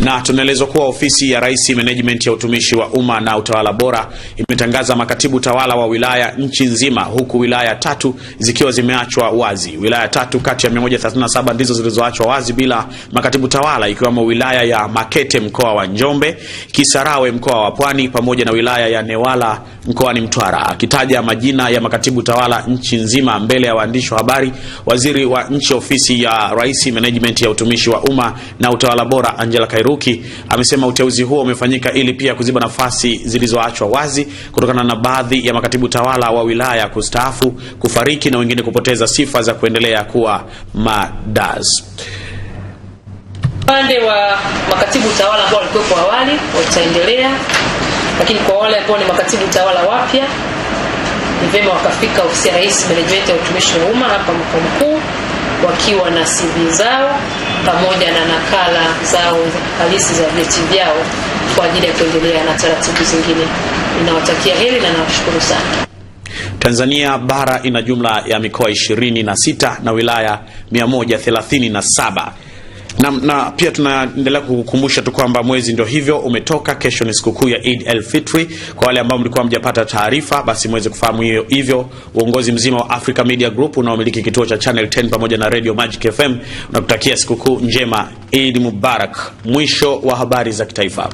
Na tunaelezwa kuwa ofisi ya Rais Menejimenti ya utumishi wa umma na utawala bora imetangaza makatibu tawala wa wilaya nchi nzima, huku wilaya tatu zikiwa zimeachwa wazi. Wilaya tatu kati ya 137 ndizo zilizoachwa wazi bila makatibu tawala, ikiwemo wilaya ya Makete mkoa wa Njombe, Kisarawe mkoa wa Pwani, pamoja na wilaya ya Newala mkoani Mtwara. Akitaja majina ya makatibu tawala nchi nzima mbele ya waandishi wa habari, waziri wa nchi ofisi ya Rais Menejimenti ya utumishi wa umma na utawala bora Angela Kairu Luki amesema uteuzi huo umefanyika ili pia kuziba nafasi zilizoachwa wazi kutokana na baadhi ya makatibu tawala wa wilaya kustaafu, kufariki na wengine kupoteza sifa za kuendelea kuwa madas. Upande wa makatibu tawala ambao walikuwepo awali wataendelea, lakini kwa wale ambao ni makatibu tawala wapya ni vyema wakafika ofisi ya Rais, menejimenti ya utumishi wa umma hapa mkoa mkuu wakiwa na CV zao pamoja na nakala zao halisi za vyeti vyao kwa ajili ya kuendelea na taratibu zingine. Ninawatakia heri na nawashukuru sana. Tanzania bara ina jumla ya mikoa 26 na wilaya 137 na, na pia tunaendelea kukumbusha tu kwamba mwezi ndio hivyo umetoka. Kesho ni sikukuu ya Eid al-Fitri. Kwa wale ambao mlikuwa mjapata taarifa, basi mweze kufahamu hiyo hivyo. Uongozi mzima wa Africa Media Group unaomiliki kituo cha Channel 10 pamoja na Radio Magic FM unakutakia sikukuu njema. Eid Mubarak. Mwisho wa habari za kitaifa.